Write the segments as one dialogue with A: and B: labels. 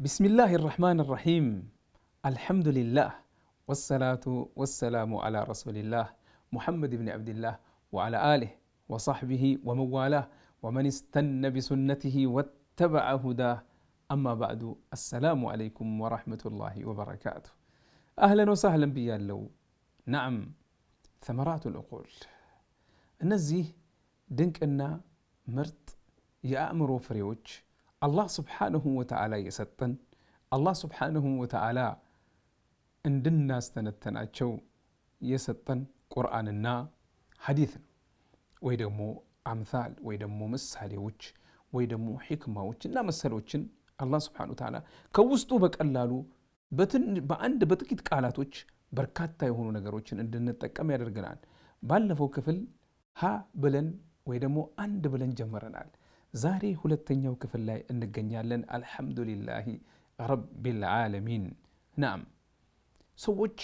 A: بسم الله الرحمن الرحيم الحمد لله والصلاة والسلام على رسول الله محمد بن عبد الله وعلى آله وصحبه ومن والاه ومن استنى بسنته واتبع هداه أما بعد السلام عليكم ورحمة الله وبركاته أهلا وسهلا بيا لو نعم ثمرات العقول دنك أن مرت يأمر ፍሬዎች አላህ ስብሓንሁ ወተዓላ የሰጠን አላህ ስብሓንሁ ወተዓላ እንድናስተነተናቸው የሰጠን ቁርአንና ሐዲት ነው ወይ ደግሞ አምሳል ወይ ደግሞ ምሳሌዎች ወይ ደግሞ ሒክማዎች እና መሰሎችን አላህ ስብሓነሁ ወተዓላ ከውስጡ በቀላሉ በአንድ በጥቂት ቃላቶች በርካታ የሆኑ ነገሮችን እንድንጠቀም ያደርገናል። ባለፈው ክፍል ሀ ብለን ወይ ደግሞ አንድ ብለን ጀምረናል። ዛሬ ሁለተኛው ክፍል ላይ እንገኛለን። አልሐምዱሊላሂ ረቢል ዓለሚን። ናም ሰዎች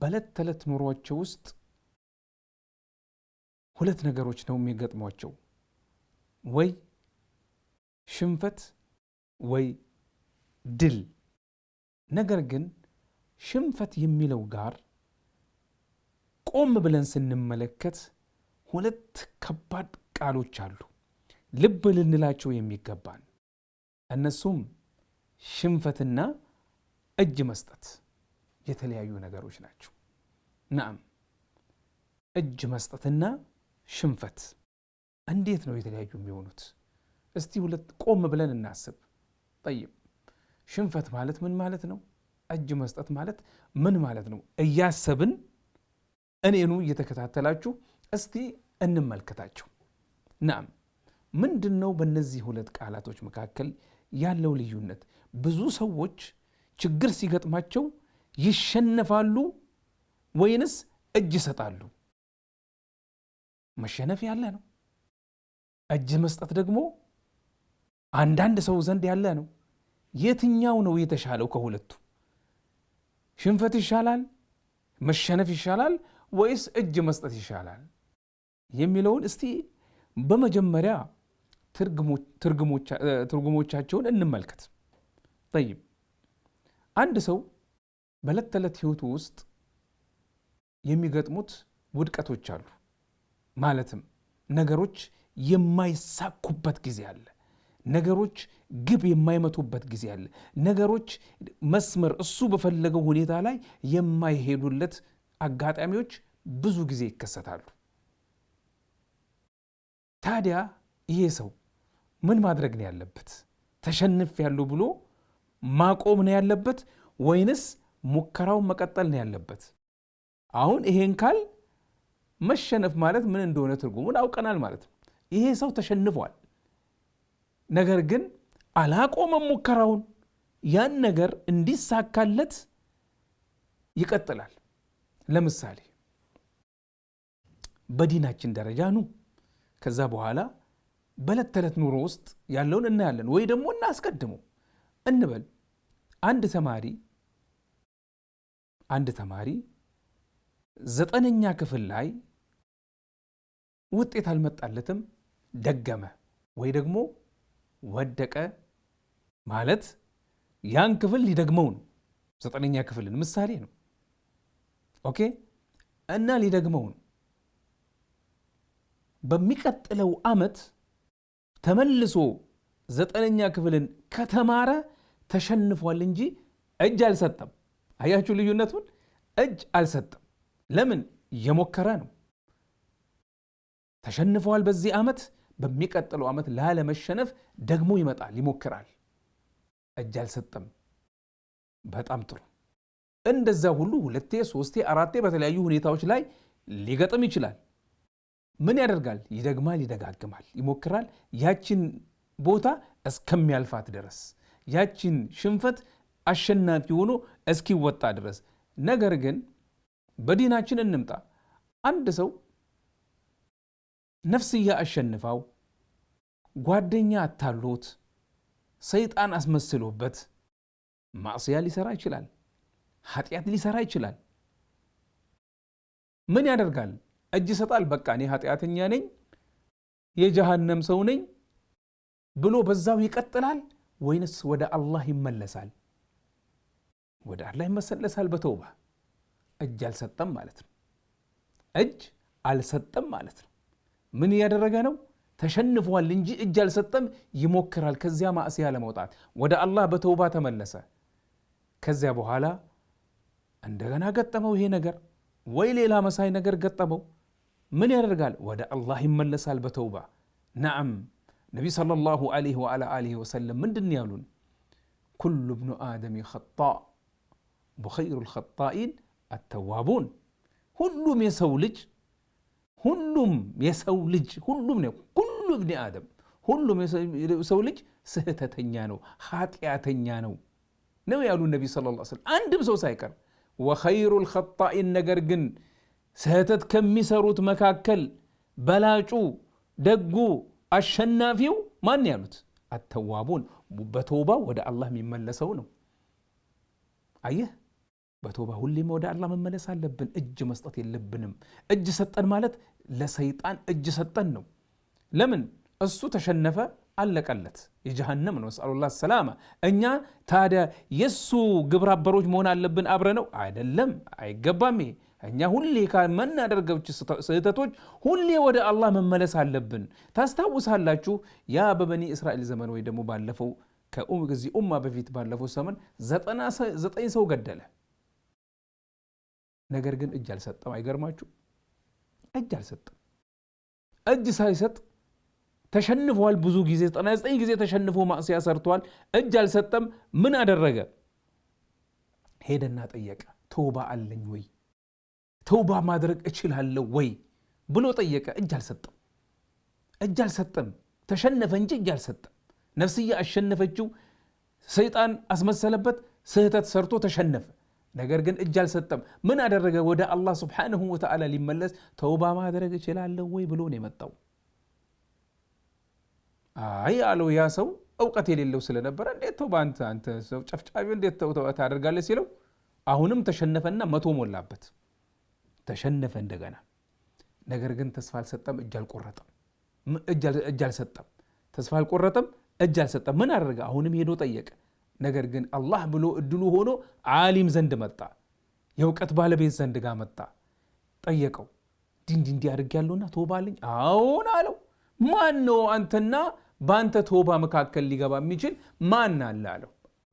A: በዕለት ተዕለት ኑሯቸው ውስጥ ሁለት ነገሮች ነው የሚገጥሟቸው፣ ወይ ሽንፈት ወይ ድል። ነገር ግን ሽንፈት የሚለው ጋር ቆም ብለን ስንመለከት ሁለት ከባድ ቃሎች አሉ። ልብ ልንላቸው የሚገባን እነሱም ሽንፈትና እጅ መስጠት የተለያዩ ነገሮች ናቸው። ናም እጅ መስጠትና ሽንፈት እንዴት ነው የተለያዩ የሚሆኑት? እስቲ ሁለት ቆም ብለን እናስብ። ጠይብ ሽንፈት ማለት ምን ማለት ነው? እጅ መስጠት ማለት ምን ማለት ነው? እያሰብን እኔኑ እየተከታተላችሁ እስቲ እንመልከታቸው። ናም ምንድን ነው በእነዚህ ሁለት ቃላቶች መካከል ያለው ልዩነት? ብዙ ሰዎች ችግር ሲገጥማቸው ይሸነፋሉ ወይንስ እጅ ይሰጣሉ? መሸነፍ ያለ ነው። እጅ መስጠት ደግሞ አንዳንድ ሰው ዘንድ ያለ ነው። የትኛው ነው የተሻለው? ከሁለቱ ሽንፈት ይሻላል? መሸነፍ ይሻላል? ወይስ እጅ መስጠት ይሻላል የሚለውን እስቲ በመጀመሪያ ትርጉሞቻቸውን እንመልከት። ጠይብ አንድ ሰው በዕለት ተዕለት ህይወቱ ውስጥ የሚገጥሙት ውድቀቶች አሉ። ማለትም ነገሮች የማይሳኩበት ጊዜ አለ። ነገሮች ግብ የማይመቱበት ጊዜ አለ። ነገሮች መስመር እሱ በፈለገው ሁኔታ ላይ የማይሄዱለት አጋጣሚዎች ብዙ ጊዜ ይከሰታሉ። ታዲያ ይሄ ሰው ምን ማድረግ ነው ያለበት? ተሸንፍ ያለው ብሎ ማቆም ነው ያለበት ወይንስ ሙከራውን መቀጠል ነው ያለበት? አሁን ይሄን ካል መሸነፍ ማለት ምን እንደሆነ ትርጉሙን አውቀናል ማለት ነው። ይሄ ሰው ተሸንፏል፣ ነገር ግን አላቆመም ሙከራውን። ያን ነገር እንዲሳካለት ይቀጥላል። ለምሳሌ በዲናችን ደረጃ ኑ ከዛ በኋላ በዕለት ተዕለት ኑሮ ውስጥ ያለውን እናያለን ወይ ደግሞ እናስቀድሙ እንበል አንድ ተማሪ አንድ ተማሪ ዘጠነኛ ክፍል ላይ ውጤት አልመጣለትም፣ ደገመ ወይ ደግሞ ወደቀ ማለት ያን ክፍል ሊደግመው ነው። ዘጠነኛ ክፍልን ምሳሌ ነው። ኦኬ እና ሊደግመው ነው በሚቀጥለው አመት ። ተመልሶ ዘጠነኛ ክፍልን ከተማረ ተሸንፏል እንጂ እጅ አልሰጠም። አያችሁ ልዩነቱን? እጅ አልሰጠም። ለምን? የሞከረ ነው። ተሸንፈዋል በዚህ ዓመት፣ በሚቀጥለው ዓመት ላለመሸነፍ ደግሞ ይመጣል፣ ይሞክራል። እጅ አልሰጠም። በጣም ጥሩ። እንደዛ ሁሉ ሁለቴ ሶስቴ አራቴ በተለያዩ ሁኔታዎች ላይ ሊገጥም ይችላል። ምን ያደርጋል? ይደግማል፣ ይደጋግማል፣ ይሞክራል። ያችን ቦታ እስከሚያልፋት ድረስ ያችን ሽንፈት አሸናፊ ሆኖ እስኪወጣ ድረስ። ነገር ግን በዲናችን እንምጣ። አንድ ሰው ነፍስያ አሸንፋው፣ ጓደኛ አታሎት፣ ሰይጣን አስመስሎበት ማዕስያ ሊሰራ ይችላል፣ ኃጢአት ሊሰራ ይችላል። ምን ያደርጋል? እጅ ይሰጣል። በቃ እኔ ኃጢአተኛ ነኝ፣ የጀሃነም ሰው ነኝ ብሎ በዛው ይቀጥላል ወይንስ ወደ አላህ ይመለሳል? ወደ አላህ ይመሰለሳል በተውባ እጅ አልሰጠም ማለት ነው። እጅ አልሰጠም ማለት ነው። ምን እያደረገ ነው? ተሸንፏል እንጂ እጅ አልሰጠም። ይሞክራል ከዚያ ማዕስያ ለመውጣት ወደ አላህ በተውባ ተመለሰ። ከዚያ በኋላ እንደገና ገጠመው ይሄ ነገር ወይ ሌላ መሳይ ነገር ገጠመው። ምን ያደርጋል? ወደ አላህ ይመለሳል በተውባ ነአም። ነቢ ሰለላሁ ዐለይሂ ወዐላ አሊሂ ወሰለም ምንድን ያሉን? ኩሉ ብኑ አደም ኸጣ ወኸይሩል ኸጣኢን አተዋቡን። ሁሉም የሰው ልጅ ሁሉም የሰው ልጅ ሁሉም ነው ኩሉ ብኒ አደም ሁሉም የሰው ልጅ ስህተተኛ ነው፣ ኃጢአተኛ ነው ነው ያሉ ነቢ ሰለላሁ ዐለይሂ ወሰለም አንድም ሰው ሳይቀር ወኸይሩል ኸጣኢን ነገር ግን ስህተት ከሚሰሩት መካከል በላጩ ደጉ አሸናፊው ማን ያሉት አተዋቡን በተውባ ወደ አላህ የሚመለሰው ነው። አየህ በተውባ ሁሌም ወደ አላህ መመለስ አለብን። እጅ መስጠት የለብንም። እጅ ሰጠን ማለት ለሰይጣን እጅ ሰጠን ነው። ለምን እሱ ተሸነፈ፣ አለቀለት። የጀሃነም ነው። ነስአሉላህ ሰላማ። እኛ ታዲያ የእሱ ግብረ አበሮች መሆን አለብን? አብረ ነው አይደለም፣ አይገባም ይሄ እኛ ሁሌ ከምናደርገው ስህተቶች ሁሌ ወደ አላህ መመለስ አለብን። ታስታውሳላችሁ ያ በበኒ እስራኤል ዘመን ወይ ደግሞ ባለፈው ከዚህ ኡማ በፊት ባለፈው ዘመን ዘጠኝ ሰው ገደለ። ነገር ግን እጅ አልሰጠም። አይገርማችሁ? እጅ አልሰጠም። እጅ ሳይሰጥ ተሸንፏል። ብዙ ጊዜ ዘጠና ጊዜ ተሸንፎ ማእስያ ሰርተዋል። እጅ አልሰጠም። ምን አደረገ? ሄደና ጠየቀ። ቶባ አለኝ ወይ ተውባ ማድረግ እችላለሁ ወይ ብሎ ጠየቀ። እጅ አልሰጠም፣ እጅ አልሰጠም። ተሸነፈ እንጂ እጅ አልሰጠም። ነፍስያ አሸነፈችው። ሰይጣን አስመሰለበት፣ ስህተት ሰርቶ ተሸነፈ። ነገር ግን እጅ አልሰጠም። ምን አደረገ? ወደ አላህ ስብሓንሁ ወተዓላ ሊመለስ ተውባ ማድረግ እችላለሁ ወይ ብሎ ነው የመጣው። አይ አለው ያ ሰው እውቀት የሌለው ስለነበረ እንዴት ተውባ አንተ ሰው ጨፍጫፊ እንዴት ተውባ ታደርጋለህ ሲለው አሁንም ተሸነፈና መቶ ሞላበት። ተሸነፈ እንደገና። ነገር ግን ተስፋ አልሰጠም፣ እጅ አልቆረጠም። እጅ አልሰጠም፣ ተስፋ አልቆረጠም፣ እጅ አልሰጠም። ምን አደረገ? አሁንም ሄዶ ጠየቀ። ነገር ግን አላህ ብሎ እድሉ ሆኖ ዓሊም ዘንድ መጣ፣ የእውቀት ባለቤት ዘንድ ጋር መጣ። ጠየቀው። ዲንዲ እንዲ አድርግ ያለውና አለኝ። አዎን አለው። ማን ነው አንተና በአንተ ቶባ መካከል ሊገባ የሚችል ማን አለ አለው።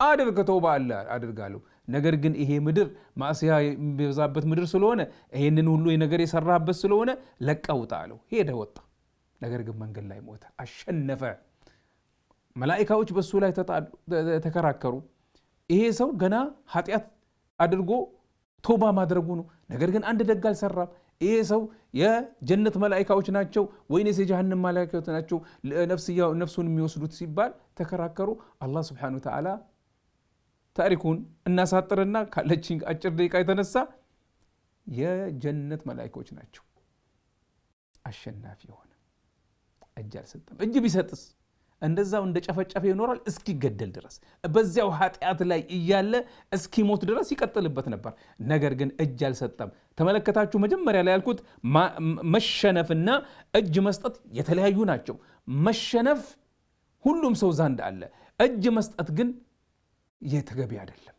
A: አድርግ ቶባ አለ አድርጋለሁ ነገር ግን ይሄ ምድር ማእስያ የሚበዛበት ምድር ስለሆነ ይሄንን ሁሉ ነገር የሰራበት ስለሆነ ለቀ ውጣ አለው። ሄደ ወጣ። ነገር ግን መንገድ ላይ ሞተ። አሸነፈ። መላኢካዎች በእሱ ላይ ተከራከሩ። ይሄ ሰው ገና ኃጢአት አድርጎ ቶባ ማድረጉ ነው። ነገር ግን አንድ ደግ አልሰራም። ይሄ ሰው የጀነት መላኢካዎች ናቸው ወይንስ የጀሃንም መላኢካዎች ናቸው ነፍሱን የሚወስዱት ሲባል ተከራከሩ። አላህ ስብሓነሁ ወተዓላ ታሪኩን እናሳጥርና ካለችን አጭር ደቂቃ የተነሳ የጀነት መላይኮች ናቸው። አሸናፊ የሆነ እጅ አልሰጠም። እጅ ቢሰጥስ እንደዛው እንደ ጨፈጨፈ ይኖራል እስኪገደል ድረስ በዚያው ኃጢአት ላይ እያለ እስኪሞት ድረስ ይቀጥልበት ነበር። ነገር ግን እጅ አልሰጠም። ተመለከታችሁ? መጀመሪያ ላይ ያልኩት መሸነፍና እጅ መስጠት የተለያዩ ናቸው። መሸነፍ ሁሉም ሰው ዘንድ አለ። እጅ መስጠት ግን ይህ ተገቢ አይደለም።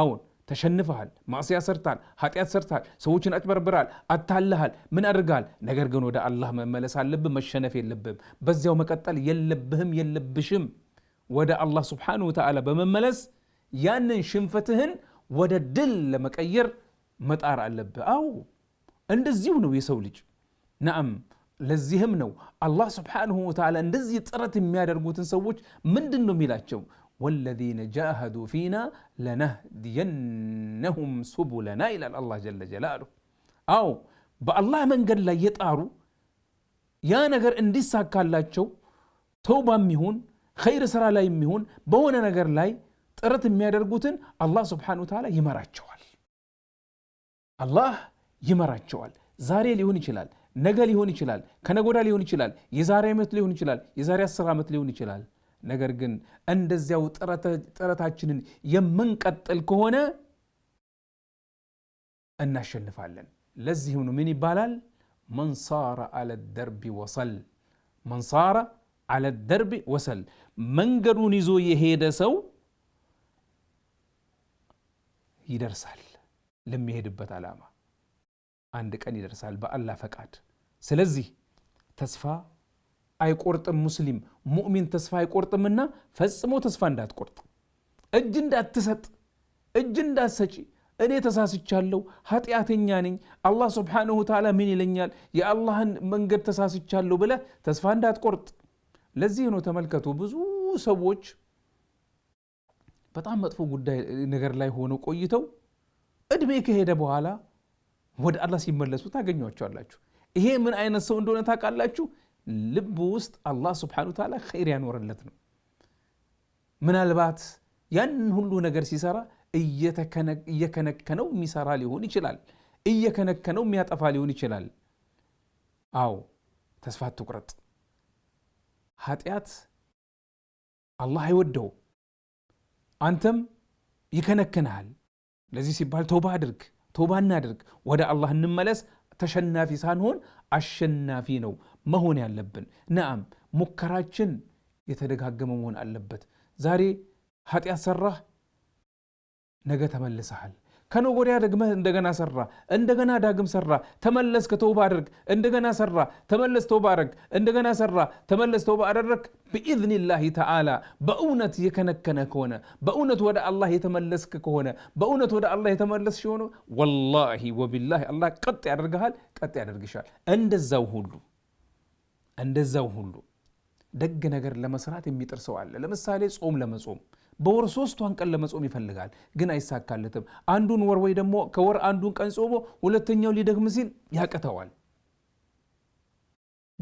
A: አሁን ተሸንፈሃል፣ ማዕስያ ሰርታል፣ ኃጢአት ሰርታል፣ ሰዎችን አጭበርብራል፣ አታልሃል፣ ምን አድርገሃል። ነገር ግን ወደ አላህ መመለስ አለብህ። መሸነፍ የለብህም። በዚያው መቀጠል የለብህም የለብሽም። ወደ አላህ ስብሓነሁ ወተዓላ በመመለስ ያንን ሽንፈትህን ወደ ድል ለመቀየር መጣር አለብህ። አዎ እንደዚሁ ነው የሰው ልጅ ናም። ለዚህም ነው አላህ ስብሓነሁ ወተዓላ እንደዚህ ጥረት የሚያደርጉትን ሰዎች ምንድን ነው የሚላቸው? ወለዚነ ጃሃዱ ፊና ለነህዲየነሁም ሱቡለና ይላል አላህ ጀለ ጀላሉ። አዎ በአላህ መንገድ ላይ የጣሩ ያ ነገር እንዲሳካላቸው ተውባ የሚሆን ኸይር ስራ ላይ የሚሆን በሆነ ነገር ላይ ጥረት የሚያደርጉትን አላህ ስብሓነሁ ወተዓላ ይመራቸዋል። አላህ ይመራቸዋል። ዛሬ ሊሆን ይችላል፣ ነገ ሊሆን ይችላል፣ ከነጎዳ ሊሆን ይችላል፣ የዛሬ ዓመት ሊሆን ይችላል፣ የዛሬ አስር ዓመት ሊሆን ይችላል። ነገር ግን እንደዚያው ጥረታችንን የምንቀጥል ከሆነ እናሸንፋለን። ለዚህም ምን ይባላል? መንሳራ አለ ደርቢ ወሰል። መንሳራ አለ ደርቢ ወሰል። መንገዱን ይዞ የሄደ ሰው ይደርሳል ለሚሄድበት ዓላማ አንድ ቀን ይደርሳል በአላህ ፈቃድ። ስለዚህ ተስፋ አይቆርጥም ሙስሊም ሙእሚን ተስፋ አይቆርጥምና ፈጽሞ ተስፋ እንዳትቆርጥ እጅ እንዳትሰጥ እጅ እንዳትሰጪ እኔ ተሳስቻለሁ ኃጢአተኛ ነኝ አላህ ስብሓንሁ ተዓላ ምን ይለኛል የአላህን መንገድ ተሳስቻለሁ ብለህ ተስፋ እንዳትቆርጥ ለዚህ ነው ተመልከቱ ብዙ ሰዎች በጣም መጥፎ ጉዳይ ነገር ላይ ሆነው ቆይተው እድሜ ከሄደ በኋላ ወደ አላህ ሲመለሱ ታገኟቸዋላችሁ ይሄ ምን አይነት ሰው እንደሆነ ታውቃላችሁ ልቡ ውስጥ አላህ ስብሓነሁ ተዓላ ኸይር ያኖረለት ነው። ምናልባት ያንን ሁሉ ነገር ሲሰራ እየከነከነው የሚሰራ ሊሆን ይችላል። እየከነከነው የሚያጠፋ ሊሆን ይችላል። አዎ ተስፋ አትቁረጥ። ኃጢአት አላህ አይወደው፣ አንተም ይከነክንሃል። ለዚህ ሲባል ተውባ አድርግ፣ ተውባ እናድርግ፣ ወደ አላህ እንመለስ። ተሸናፊ ሳንሆን አሸናፊ ነው መሆን ያለብን። ነአም ሙከራችን የተደጋገመ መሆን አለበት። ዛሬ ኃጢአት ሰራህ፣ ነገ ተመልሰሃል። ከነገ ወዲያ ደግመህ እንደገና ሰራ፣ እንደገና ዳግም ሰራ፣ ተመለስክ፣ ተውባ አድርግ፣ እንደገና ሰራ፣ ተመለስ፣ ተውባ አድርግ፣ እንደገና ሰራ፣ ተመለስ፣ ተውባ አደረግ። ብኢዝኒላሂ ተዓላ በእውነት የከነከነ ከሆነ በእውነት ወደ አላህ የተመለስክ ከሆነ በእውነት ወደ አላህ የተመለስ ሲሆኑ ወላሂ ወቢላሂ አላህ ቀጥ ያደርግሃል፣ ቀጥ ያደርግሻል። እንደዛው ሁሉ እንደዛው ሁሉ ደግ ነገር ለመስራት የሚጥር ሰው አለ። ለምሳሌ ጾም ለመጾም በወር ሶስቷን ቀን ለመጾም ይፈልጋል፣ ግን አይሳካለትም። አንዱን ወር ወይ ደግሞ ከወር አንዱን ቀን ጾሞ ሁለተኛው ሊደግም ሲል ያቅተዋል።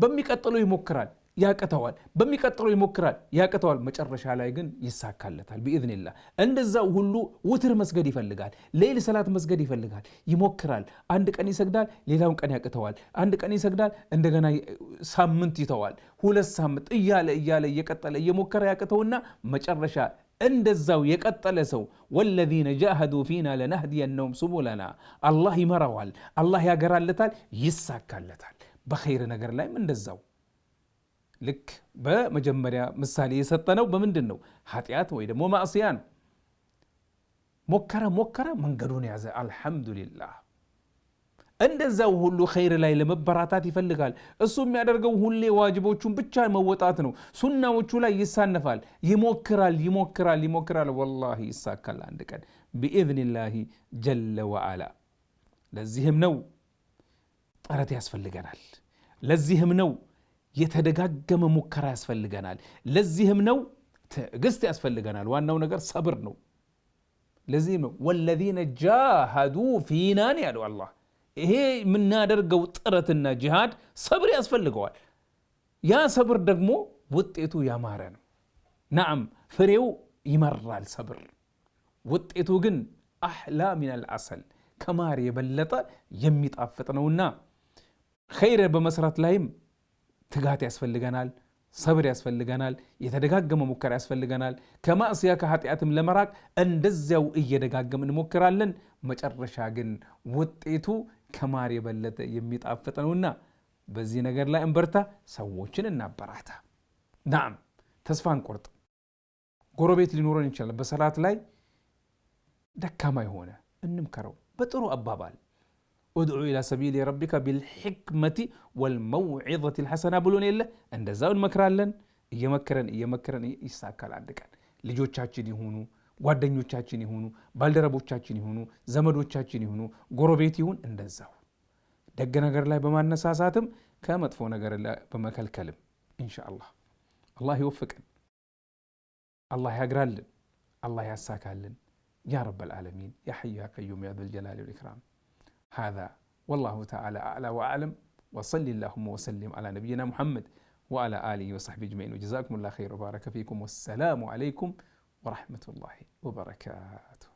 A: በሚቀጥለው ይሞክራል፣ ያቅተዋል፣ በሚቀጥለው ይሞክራል፣ ያቅተዋል። መጨረሻ ላይ ግን ይሳካለታል ቢኢዝኒላህ። እንደዛ ሁሉ ውትር መስገድ ይፈልጋል፣ ሌይል ሰላት መስገድ ይፈልጋል፣ ይሞክራል። አንድ ቀን ይሰግዳል፣ ሌላውን ቀን ያቅተዋል። አንድ ቀን ይሰግዳል፣ እንደገና ሳምንት ይተዋል፣ ሁለት ሳምንት እያለ እያለ እየቀጠለ እየሞከረ ያቅተውና መጨረሻ እንደዛው የቀጠለ ሰው ወለዚነ ጃሃዱ ፊና ለናህዲየነሁም ሱቡለና አላህ ይመራዋል፣ አላህ ያገራለታል፣ ይሳካለታል። በኸይር ነገር ላይም እንደዛው ልክ በመጀመሪያ ምሳሌ የሰጠነው በምንድን ነው? ኃጢአት ወይ ደግሞ ማእስያ ነው። ሞከረ ሞከረ መንገዱን ያዘ። አልሐምዱሊላህ። እንደዛው ሁሉ ኸይር ላይ ለመበራታት ይፈልጋል። እሱ የሚያደርገው ሁሌ ዋጅቦቹን ብቻ መወጣት ነው። ሱናዎቹ ላይ ይሳነፋል። ይሞክራል ይሞክራል ይሞክራል። ወላሂ ይሳካል አንድ ቀን ቢኢዝኒላሂ ጀለ ወዓላ። ለዚህም ነው ጥረት ያስፈልገናል። ለዚህም ነው የተደጋገመ ሙከራ ያስፈልገናል። ለዚህም ነው ትዕግስት ያስፈልገናል። ዋናው ነገር ሰብር ነው። ለዚህም ነው ወለዚነ ጃሃዱ ፊናን ያለው አላህ። ይሄ የምናደርገው ጥረትና ጅሃድ ሰብር ያስፈልገዋል። ያ ሰብር ደግሞ ውጤቱ ያማረ ነው። ናም ፍሬው ይመራል ሰብር፣ ውጤቱ ግን አህላ ሚናል አሰል ከማር የበለጠ የሚጣፍጥ ነውና ኸይር በመስራት ላይም ትጋት ያስፈልገናል፣ ሰብር ያስፈልገናል፣ የተደጋገመ ሙከራ ያስፈልገናል። ከማእስያ ከኃጢአትም ለመራቅ እንደዚያው እየደጋገም እንሞክራለን። መጨረሻ ግን ውጤቱ ከማር የበለጠ የሚጣፍጥ ነውና በዚህ ነገር ላይ እንበርታ፣ ሰዎችን እናበራታ። ናም ተስፋ እንቆርጥ። ጎረቤት ሊኖረን ይችላል። በሰላት ላይ ደካማ የሆነ እንምከረው በጥሩ አባባል ኡድዑ ኢላ ሰቢል ረቢካ ቢልሕክመቲ ወልመውዒዘቲ ልሐሰና ብሎን የለ እንደዛው እንመክራለን። እየመከረን እየመከረን ይሳካል። አንድ ቀን ልጆቻችን ይሁኑ ጓደኞቻችን ይሁኑ ባልደረቦቻችን ይሁኑ ዘመዶቻችን ይሁኑ ጎረቤት ይሁን እንደዛው ደግ ነገር ላይ በማነሳሳትም ከመጥፎ ነገር ላይ በመከልከልም ኢንሻ አላህ አላህ ይወፍቅን፣ አላህ ያግራልን፣ አላህ ያሳካልን። ያ ረበል ዓለሚን ያ ሐዩ ያ ቀዩም ያ ዘልጀላሊ ወልኢክራም هذا والله تعالى أعلى وأعلم وصل اللهم وسلم على نبينا محمد وعلى آله وصحبه أجمعين وجزاكم الله خير وبارك فيكم والسلام عليكم ورحمة الله وبركاته